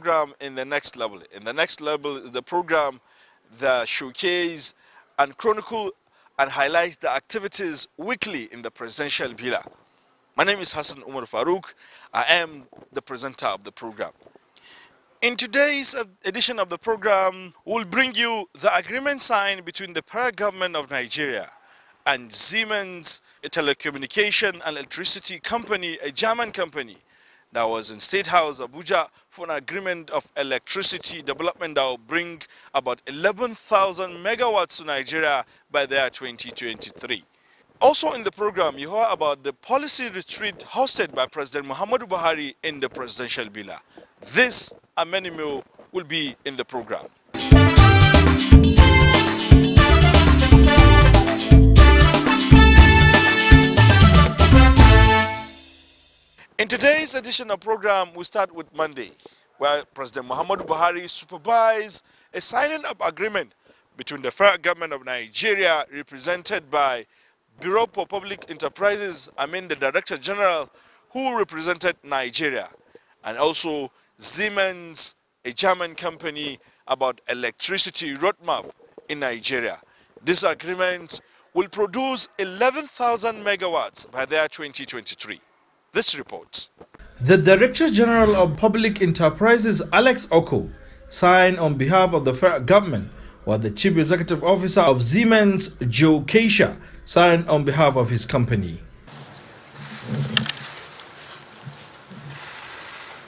program in the next level. In the next level is the program that showcase and chronicle and highlight the activities weekly in the presidential villa. My name is Hassan Umar Farouk. I am the presenter of the program. In today's edition of the program, we'll bring you the agreement signed between the para government of Nigeria and Siemens, a telecommunication and electricity company, a German company that was in State House Abuja for an agreement of electricity development that will bring about 11,000 megawatts to Nigeria by the year 2023. Also in the program, you heard about the policy retreat hosted by President Muhammadu Buhari in the presidential villa. This and will be in the program. In today's edition of program, we start with Monday, where President Muhammadu Buhari supervised a signing of agreement between the federal government of Nigeria, represented by Bureau for Public Enterprises, I mean the Director General, who represented Nigeria, and also Siemens, a German company, about electricity roadmap in Nigeria. This agreement will produce 11,000 megawatts by the year 2023 this report. The Director General of Public Enterprises, Alex Oko, signed on behalf of the federal government, while the Chief Executive Officer of Siemens, Joe Keisha, signed on behalf of his company.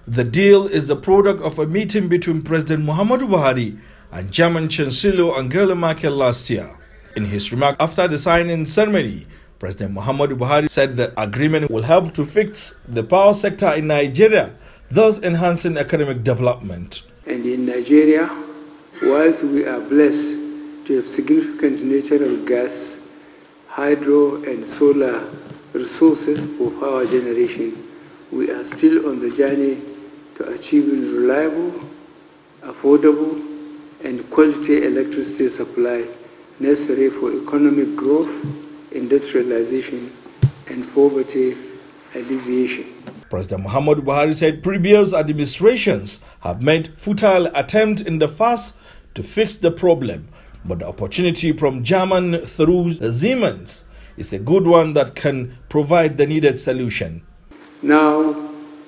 The deal is the product of a meeting between President Muhammadu Buhari and German Chancellor Angela Merkel last year. In his remark after the signing ceremony, President Muhammadu Buhari said the agreement will help to fix the power sector in Nigeria, thus enhancing economic development. And in Nigeria, whilst we are blessed to have significant natural gas, hydro, and solar resources for power generation, we are still on the journey to achieving reliable, affordable, and quality electricity supply necessary for economic growth industrialization, and poverty alleviation. President Muhammad Buhari said previous administrations have made futile attempts in the past to fix the problem, but the opportunity from German through Siemens is a good one that can provide the needed solution. Now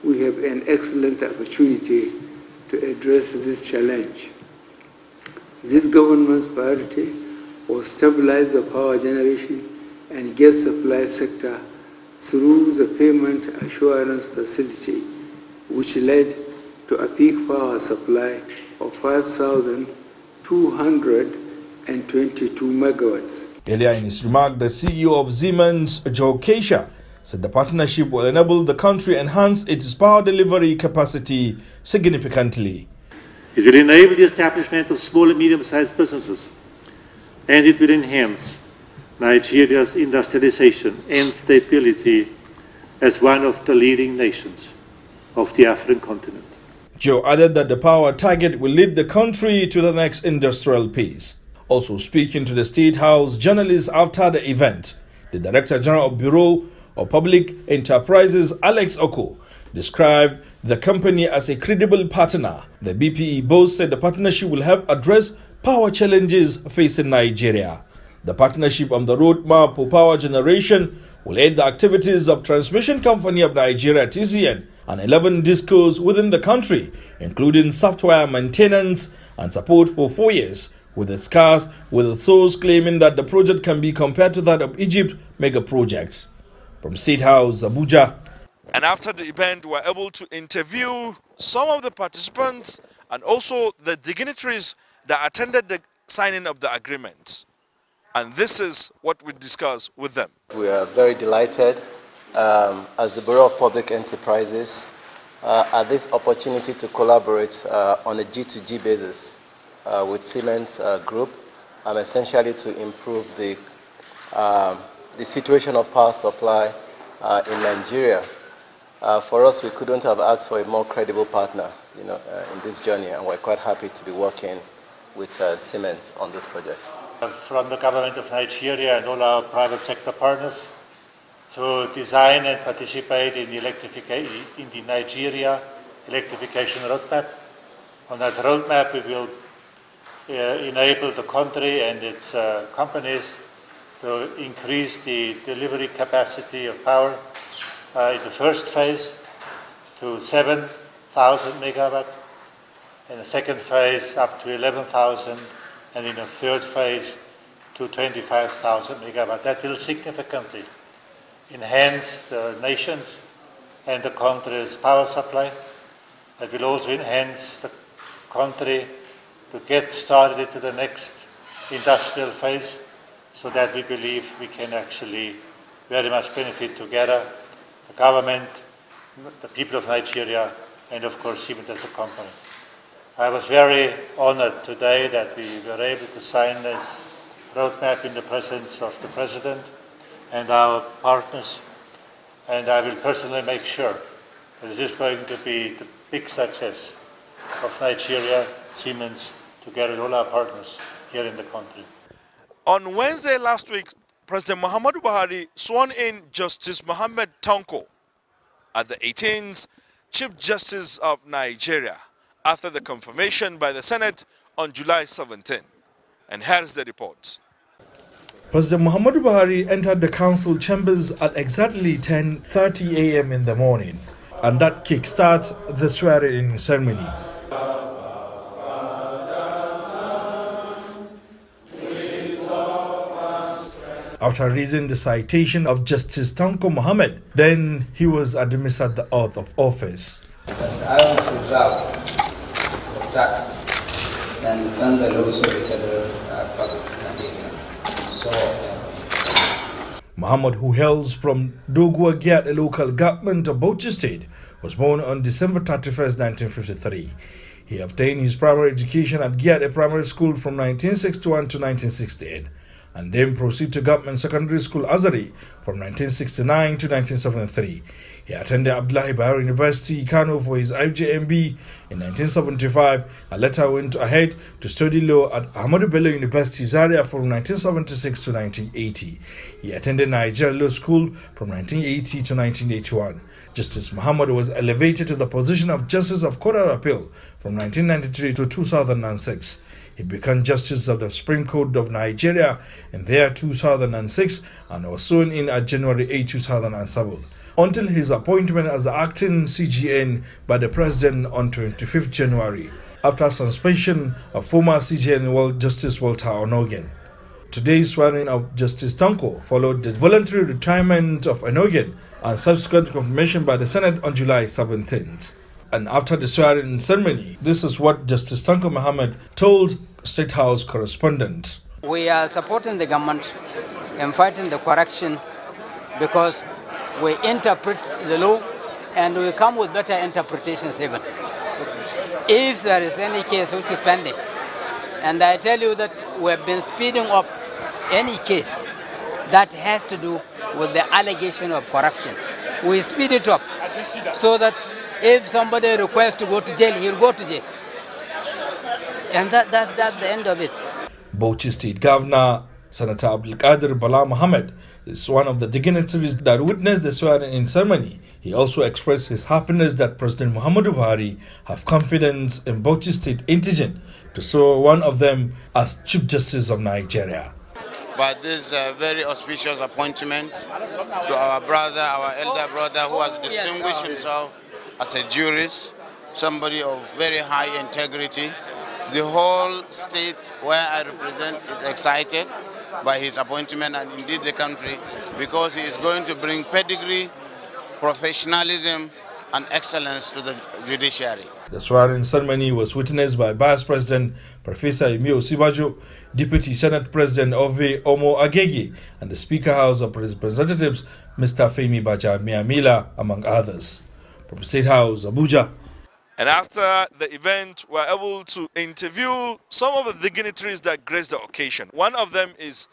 we have an excellent opportunity to address this challenge. This government's priority was stabilize the power generation and gas supply sector through the payment assurance facility, which led to a peak power supply of 5,222 megawatts. Earlier in his remark, the CEO of Siemens, Joe Keisha, said the partnership will enable the country enhance its power delivery capacity significantly. It will enable the establishment of small and medium-sized businesses, and it will enhance Nigeria's industrialization and stability as one of the leading nations of the African continent. Joe added that the power target will lead the country to the next industrial peace. Also speaking to the State House journalists after the event, the Director General of Bureau of Public Enterprises, Alex Oko, described the company as a credible partner. The BPE boss said the partnership will help address power challenges facing Nigeria. The partnership on the roadmap for power generation will aid the activities of Transmission Company of Nigeria TCN and 11 discos within the country, including software maintenance and support for four years, with its cast with the source claiming that the project can be compared to that of Egypt mega projects. From State House, Abuja. And after the event, we were able to interview some of the participants and also the dignitaries that attended the signing of the agreement. And this is what we discuss with them. We are very delighted um, as the Bureau of Public Enterprises uh, at this opportunity to collaborate uh, on a G2G basis uh, with Siemens uh, Group, and essentially to improve the, um, the situation of power supply uh, in Nigeria. Uh, for us, we couldn't have asked for a more credible partner you know, in this journey, and we're quite happy to be working with Siemens on this project from the government of Nigeria and all our private sector partners to design and participate in, in the Nigeria electrification roadmap. On that roadmap, we will uh, enable the country and its uh, companies to increase the delivery capacity of power uh, in the first phase to 7,000 megawatt, and the second phase up to 11,000 and in a third phase to 25,000 megawatt. That will significantly enhance the nation's and the country's power supply. It will also enhance the country to get started into the next industrial phase so that we believe we can actually very much benefit together, the government, the people of Nigeria, and of course even as a company. I was very honored today that we were able to sign this roadmap in the presence of the President and our partners. And I will personally make sure that this is going to be the big success of Nigeria, Siemens, together with all our partners here in the country. On Wednesday last week, President Muhammadu Buhari sworn in Justice Mohammed Tonko at the 18th Chief Justice of Nigeria after the confirmation by the Senate on July 17. And here's the report. President Muhammadu Buhari entered the council chambers at exactly 10:30 a.m. in the morning, and that kickstarts the swearing-in ceremony. After reading the citation of Justice Tanko Mohammed, then he was administered the oath of office and also uh, So, uh, Muhammad, who hails from Dogwagiat, a local government of Bauchi State, was born on December 31, 1953. He obtained his primary education at Giat, a primary school from 1961 to 1968 and then proceed to Government Secondary School Azari from 1969 to 1973. He attended Abdullahi University, Kano for his IJMB in 1975 and later went ahead to study law at Ahmadu Bello University, Zaria from 1976 to 1980. He attended Nigeria Law School from 1980 to 1981. Justice Muhammad was elevated to the position of Justice of Court of Appeal from 1993 to 2006. He became Justice of the Supreme Court of Nigeria in there 2006 and was sworn in at January 8, 2007 until his appointment as the acting CGN by the president on 25 January after suspension of former CGN World Justice Walter Onogen. Today's swearing of Justice Tanko followed the voluntary retirement of Onogen and subsequent confirmation by the Senate on July 17th. And after the swearing in ceremony, this is what Justice Tanko Muhammad told State House correspondent. We are supporting the government in fighting the corruption because we interpret the law and we come with better interpretations even. If there is any case which is pending, and I tell you that we have been speeding up any case that has to do with the allegation of corruption. We speed it up so that if somebody requests to go to jail, he'll go to jail. And that, that, that's the end of it. Bochi State Governor Senator Abdulkadir Bala Mohammed is one of the dignitaries that witnessed the swearing-in ceremony. He also expressed his happiness that President Muhammadu Buhari have confidence in Bauchi State indigent to serve one of them as Chief Justice of Nigeria. But this is a very auspicious appointment to our brother, our elder brother, who has oh, distinguished himself as a jurist, somebody of very high integrity. The whole state where I represent is excited by his appointment and indeed the country because he is going to bring pedigree, professionalism and excellence to the judiciary. The swearing ceremony was witnessed by Vice President Professor Emio Sibajo, Deputy Senate President Ove Omo Agege, and the Speaker House of Representatives Mr. Femi Baja Miamila, among others from State House, Abuja. And after the event, we're able to interview some of the dignitaries that graced the occasion. One of them is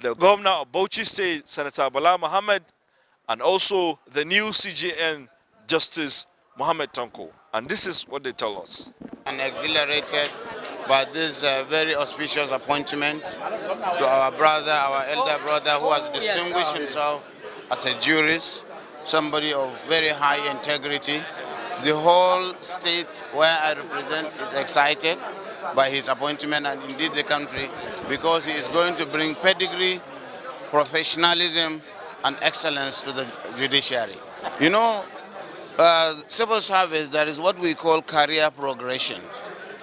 the governor of Bauchi State, Senator Bala Mohammed, and also the new CGN Justice Mohammed Tanko. And this is what they tell us. And exhilarated by this uh, very auspicious appointment to our brother, our elder brother, who has distinguished himself as a jurist somebody of very high integrity. The whole state where I represent is excited by his appointment and indeed the country because he is going to bring pedigree, professionalism and excellence to the judiciary. You know, uh, civil service, there is what we call career progression.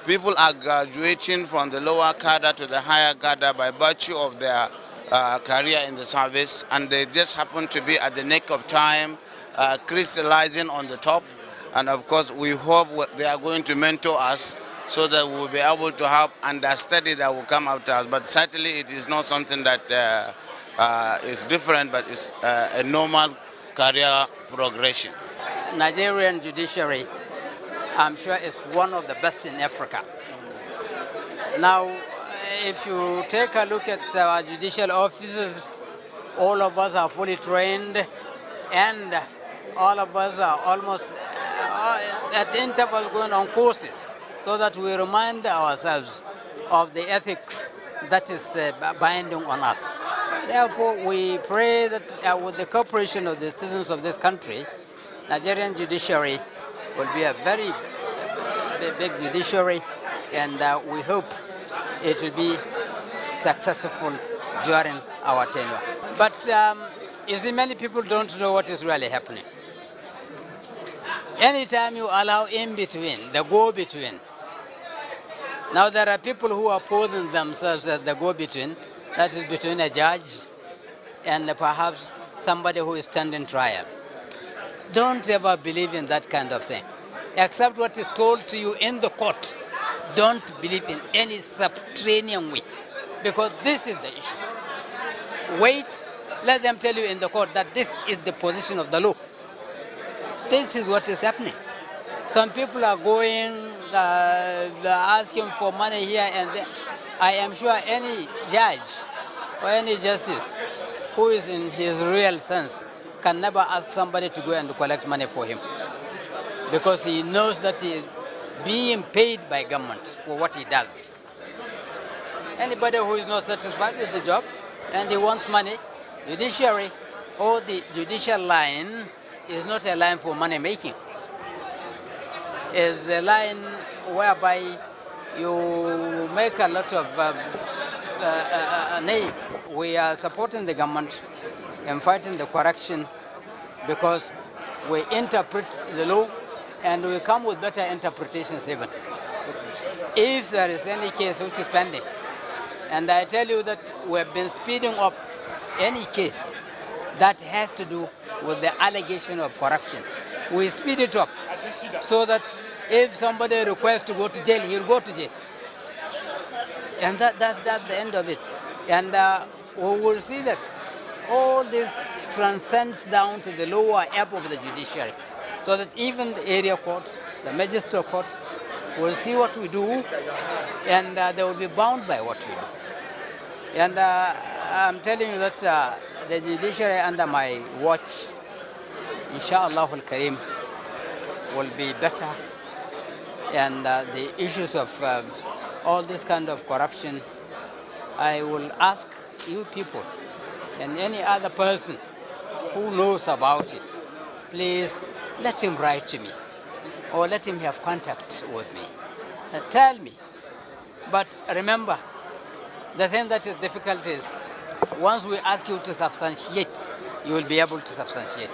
People are graduating from the lower cadre to the higher cadre by virtue of their uh, career in the service, and they just happened to be at the neck of time, uh, crystallizing on the top. And of course, we hope they are going to mentor us so that we'll be able to have understudy that will come after us. But certainly, it is not something that uh, uh is different, but it's uh, a normal career progression. Nigerian judiciary, I'm sure, is one of the best in Africa. Now, if you take a look at our judicial officers, all of us are fully trained and all of us are almost uh, at intervals going on courses so that we remind ourselves of the ethics that is uh, binding on us. Therefore, we pray that uh, with the cooperation of the citizens of this country, Nigerian judiciary will be a very uh, big judiciary, and uh, we hope it will be successful during our tenure. But um, you see, many people don't know what is really happening. Anytime you allow in between, the go between. Now there are people who are posing themselves as the go between, that is between a judge and perhaps somebody who is standing trial. Don't ever believe in that kind of thing. Accept what is told to you in the court don't believe in any subterranean way because this is the issue. Wait, let them tell you in the court that this is the position of the law. This is what is happening. Some people are going, uh, asking for money here and there. I am sure any judge or any justice who is in his real sense can never ask somebody to go and collect money for him because he knows that he is being paid by government for what he does. Anybody who is not satisfied with the job and he wants money, judiciary or the judicial line is not a line for money making. It's a line whereby you make a lot of um, uh, uh, uh We are supporting the government and fighting the corruption because we interpret the law and we come with better interpretations even. If there is any case which is pending, and I tell you that we have been speeding up any case that has to do with the allegation of corruption. We speed it up so that if somebody requests to go to jail, he'll go to jail. And that, that, that's the end of it. And uh, we will see that all this transcends down to the lower app of the judiciary so that even the area courts, the magistrate courts, will see what we do and uh, they will be bound by what we do. And uh, I'm telling you that uh, the judiciary under my watch, inshallah al Karim, will be better. And uh, the issues of um, all this kind of corruption, I will ask you people and any other person who knows about it, please let him write to me or let him have contact with me. Uh, tell me. But remember, the thing that is difficult is once we ask you to substantiate, you will be able to substantiate.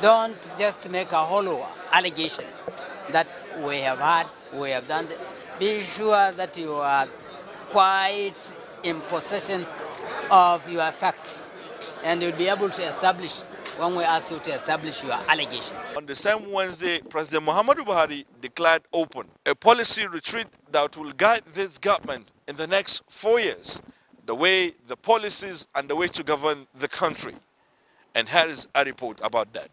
Don't just make a hollow allegation that we have had, we have done. This. Be sure that you are quite in possession of your facts and you'll be able to establish when we ask you to establish your allegation. On the same Wednesday, President Muhammadu Buhari declared open a policy retreat that will guide this government in the next four years, the way, the policies, and the way to govern the country. And here is a report about that.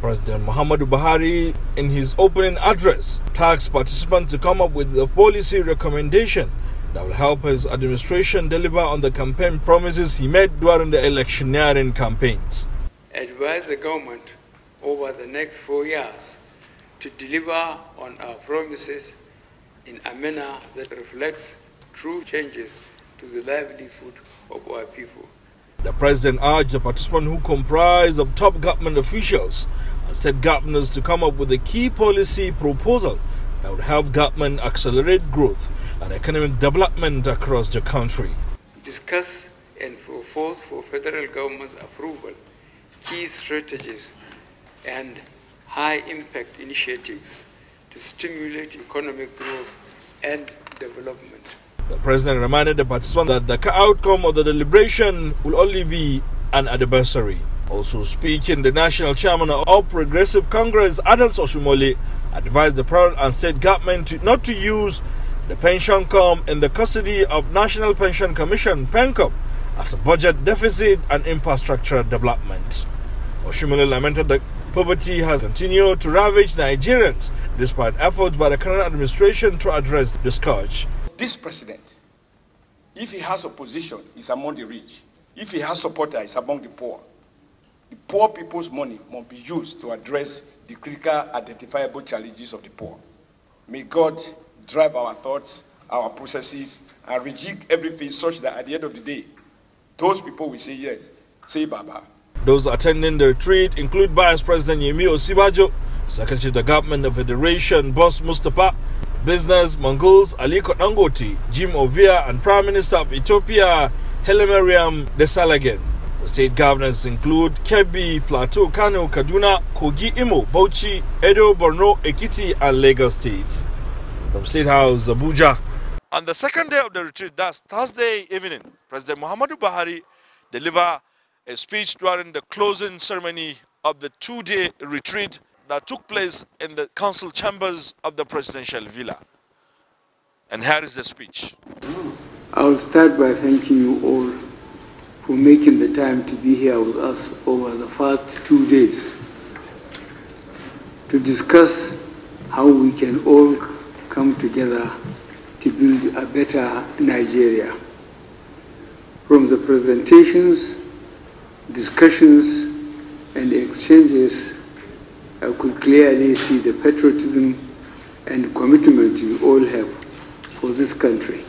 President Muhammadu Buhari, in his opening address, tasked participants to come up with a policy recommendation that will help his administration deliver on the campaign promises he made during the electioneering campaigns advise the government over the next four years to deliver on our promises in a manner that reflects true changes to the livelihood of our people. The president urged the participants who comprise of top government officials and state governors to come up with a key policy proposal that would help government accelerate growth and economic development across the country. Discuss and force for federal government's approval key strategies and high-impact initiatives to stimulate economic growth and development. The president reminded the participants that the outcome of the deliberation will only be an adversary. Also speaking, the national chairman of All Progressive Congress, Adams Oshumole, advised the province and state government to, not to use the pension com in the custody of National Pension Commission, (Pencop) as a budget deficit and infrastructure development. Oshimele lamented that poverty has continued to ravage Nigerians despite efforts by the current administration to address the scourge. This president, if he has opposition, is among the rich. If he has supporters, is among the poor. The poor people's money must be used to address the critical identifiable challenges of the poor. May God drive our thoughts, our processes, and rejig everything such that at the end of the day, those people will say yes, say Baba, those attending the retreat include Vice President Yemi Osibajo, Secretary of the Government of Federation Boss Mustapa, Business Mongols Aliko Dangote, Jim Ovia, and Prime Minister of Ethiopia Hailemariam Desalegn. State governors include Kebbi, Plateau, Kano, Kaduna, Kogi, Imo, Bauchi, Edo, Borno, Ekiti, and Lagos states. From State House, Abuja. On the second day of the retreat, that's Thursday evening, President Muhammadu Buhari delivered a speech during the closing ceremony of the two-day retreat that took place in the council chambers of the presidential villa. And here is the speech. I will start by thanking you all for making the time to be here with us over the first two days to discuss how we can all come together to build a better Nigeria. From the presentations discussions and exchanges, I could clearly see the patriotism and commitment you all have for this country.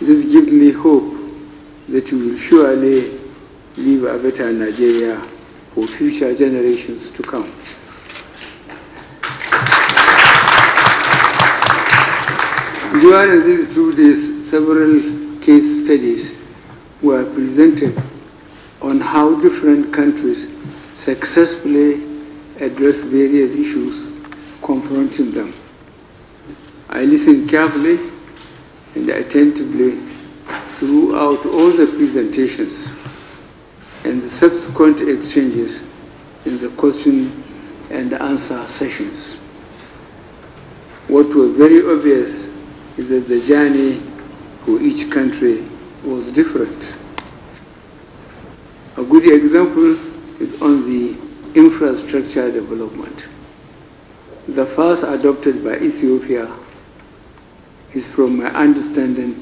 This gives me hope that you will surely leave a better Nigeria for future generations to come. During these two days, several case studies were presented on how different countries successfully address various issues confronting them. I listened carefully and attentively throughout all the presentations and the subsequent exchanges in the question and answer sessions. What was very obvious is that the journey for each country was different. A good example is on the infrastructure development. The first adopted by Ethiopia is, from my understanding,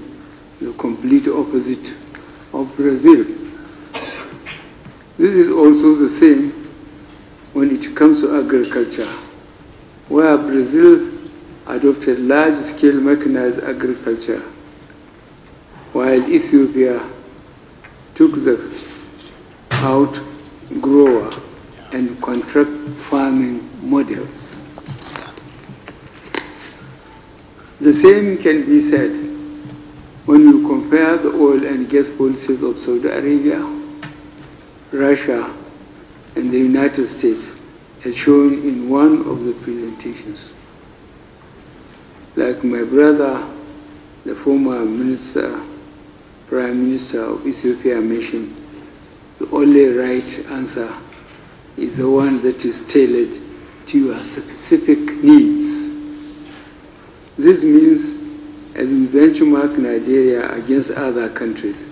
the complete opposite of Brazil. This is also the same when it comes to agriculture, where Brazil adopted large-scale mechanized agriculture, while Ethiopia took the outgrower and contract farming models. The same can be said when you compare the oil and gas policies of Saudi Arabia, Russia, and the United States, as shown in one of the presentations. Like my brother, the former minister, Prime Minister of Ethiopia mentioned, the only right answer is the one that is tailored to your specific needs. This means as we benchmark Nigeria against other countries,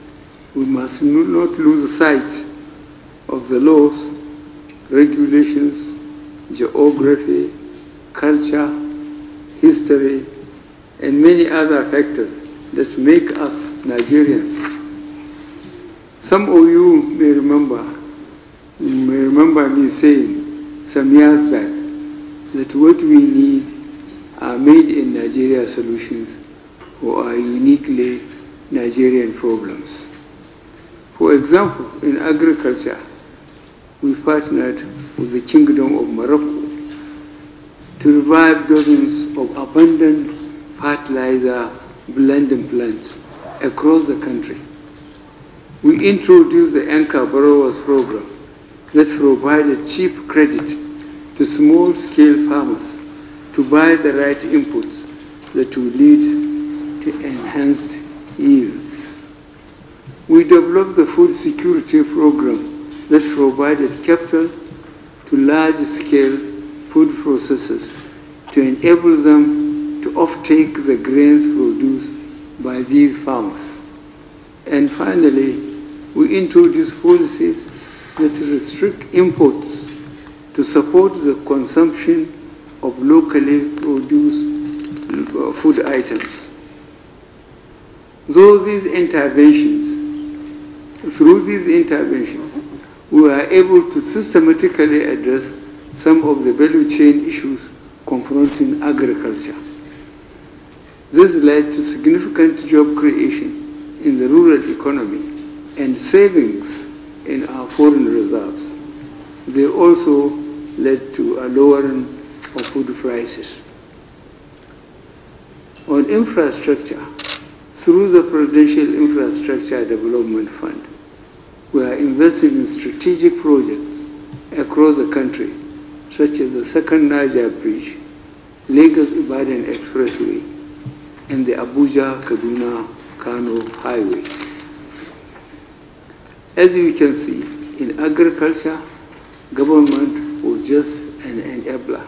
we must not lose sight of the laws, regulations, geography, culture, history, and many other factors that make us Nigerians. Some of you may remember, you may remember me saying some years back that what we need are made in Nigeria solutions for our uniquely Nigerian problems. For example, in agriculture, we partnered with the Kingdom of Morocco to revive dozens of abundant fertilizer blending plants across the country we introduced the Anchor Borrowers Program that provided cheap credit to small-scale farmers to buy the right inputs that will lead to enhanced yields. We developed the food security program that provided capital to large-scale food processors to enable them to offtake the grains produced by these farmers. And finally, we introduce policies that restrict imports to support the consumption of locally produced uh, food items. Through these interventions, through these interventions, we are able to systematically address some of the value chain issues confronting agriculture. This led to significant job creation in the rural economy and savings in our foreign reserves. They also led to a lowering of food prices. On infrastructure, through the Presidential Infrastructure Development Fund, we are investing in strategic projects across the country, such as the second Niger Bridge, Lagos-Ibadan Expressway, and the Abuja-Kaduna-Kano Highway. As you can see, in agriculture, government was just an enabler.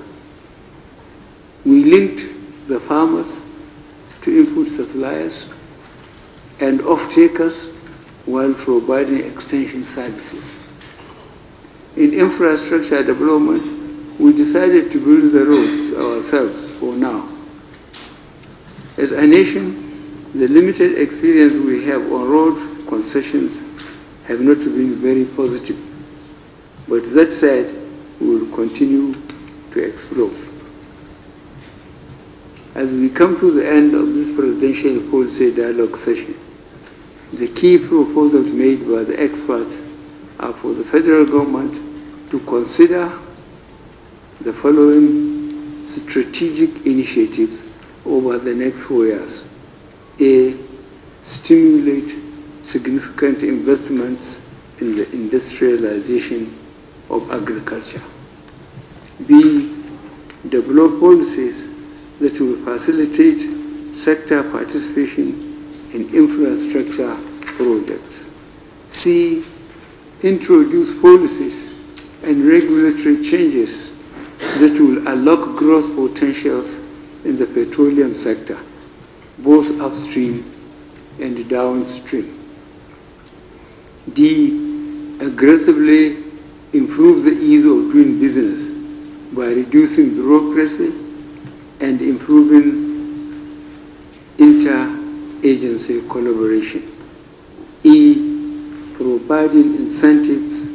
We linked the farmers to input suppliers and off-takers while providing extension services. In infrastructure development, we decided to build the roads ourselves for now. As a nation, the limited experience we have on road concessions have not been very positive. But that said, we will continue to explore. As we come to the end of this presidential policy dialogue session, the key proposals made by the experts are for the federal government to consider the following strategic initiatives over the next four years. A. Stimulate significant investments in the industrialization of agriculture. B. Develop policies that will facilitate sector participation in infrastructure projects. C. Introduce policies and regulatory changes that will unlock growth potentials in the petroleum sector, both upstream and downstream. D. Aggressively improve the ease of doing business by reducing bureaucracy and improving inter-agency collaboration. E. Providing incentives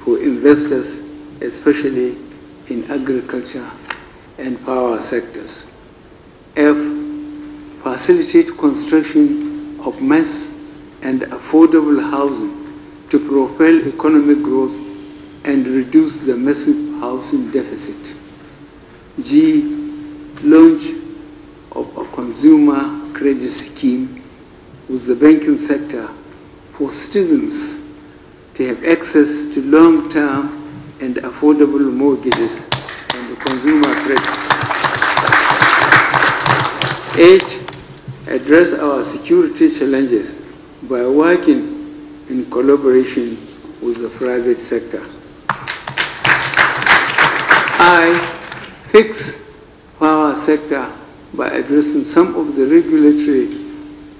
for investors, especially in agriculture and power sectors. F. Facilitate construction of mass and affordable housing to propel economic growth and reduce the massive housing deficit. G. Launch of a consumer credit scheme with the banking sector for citizens to have access to long-term and affordable mortgages and consumer credit. H. Address our security challenges by working in collaboration with the private sector. I fix power sector by addressing some of the regulatory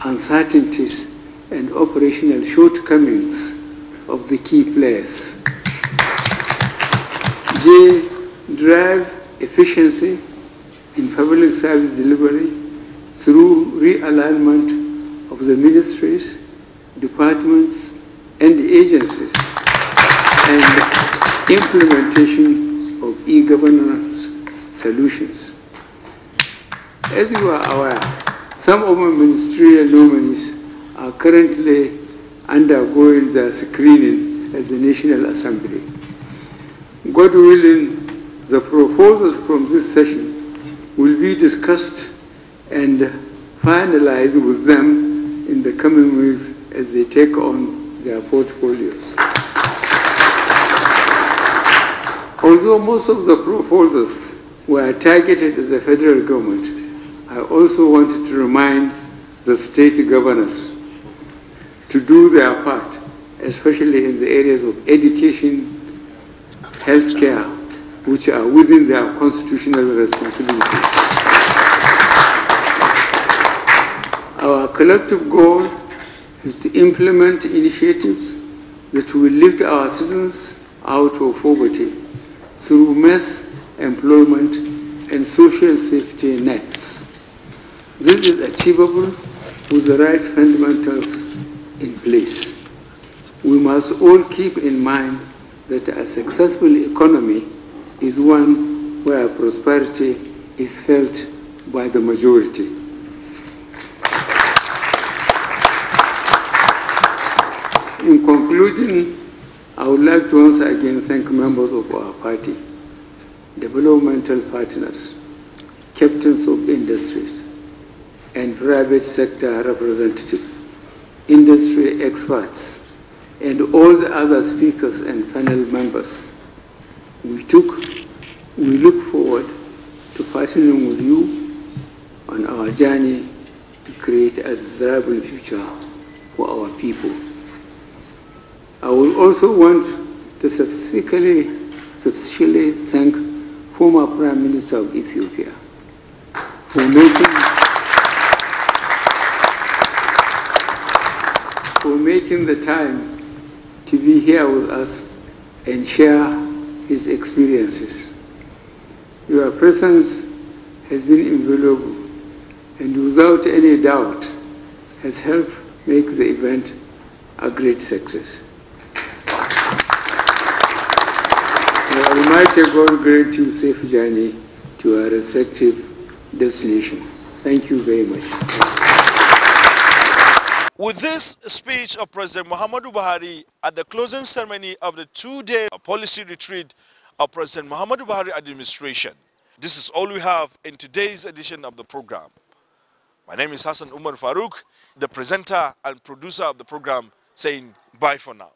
uncertainties and operational shortcomings of the key players. J. Drive efficiency in public service delivery through realignment of the ministries, departments, and the agencies and implementation of e-governance solutions. As you are aware, some of my ministerial nominees are currently undergoing their screening as the National Assembly. God willing, the proposals from this session will be discussed and finalized with them in the coming weeks as they take on their portfolios. Although most of the proposals were targeted at the federal government, I also wanted to remind the state governors to do their part, especially in the areas of education, healthcare, which are within their constitutional responsibilities. Our collective goal is to implement initiatives that will lift our citizens out of poverty through mass employment and social safety nets. This is achievable with the right fundamentals in place. We must all keep in mind that a successful economy is one where prosperity is felt by the majority. conclusion, I would like to once again thank members of our party, developmental partners, captains of industries, and private sector representatives, industry experts, and all the other speakers and panel members. We took, we look forward to partnering with you on our journey to create a desirable future for our people. I will also want to specifically, specifically thank former Prime Minister of Ethiopia for making, for making the time to be here with us and share his experiences. Your presence has been invaluable and without any doubt has helped make the event a great success. Almighty God grant you safe journey to our respective destinations. Thank you very much. With this speech of President Muhammadu Buhari at the closing ceremony of the two-day policy retreat of President Muhammadu Buhari administration, this is all we have in today's edition of the program. My name is Hassan Umar Farouk, the presenter and producer of the program, saying bye for now.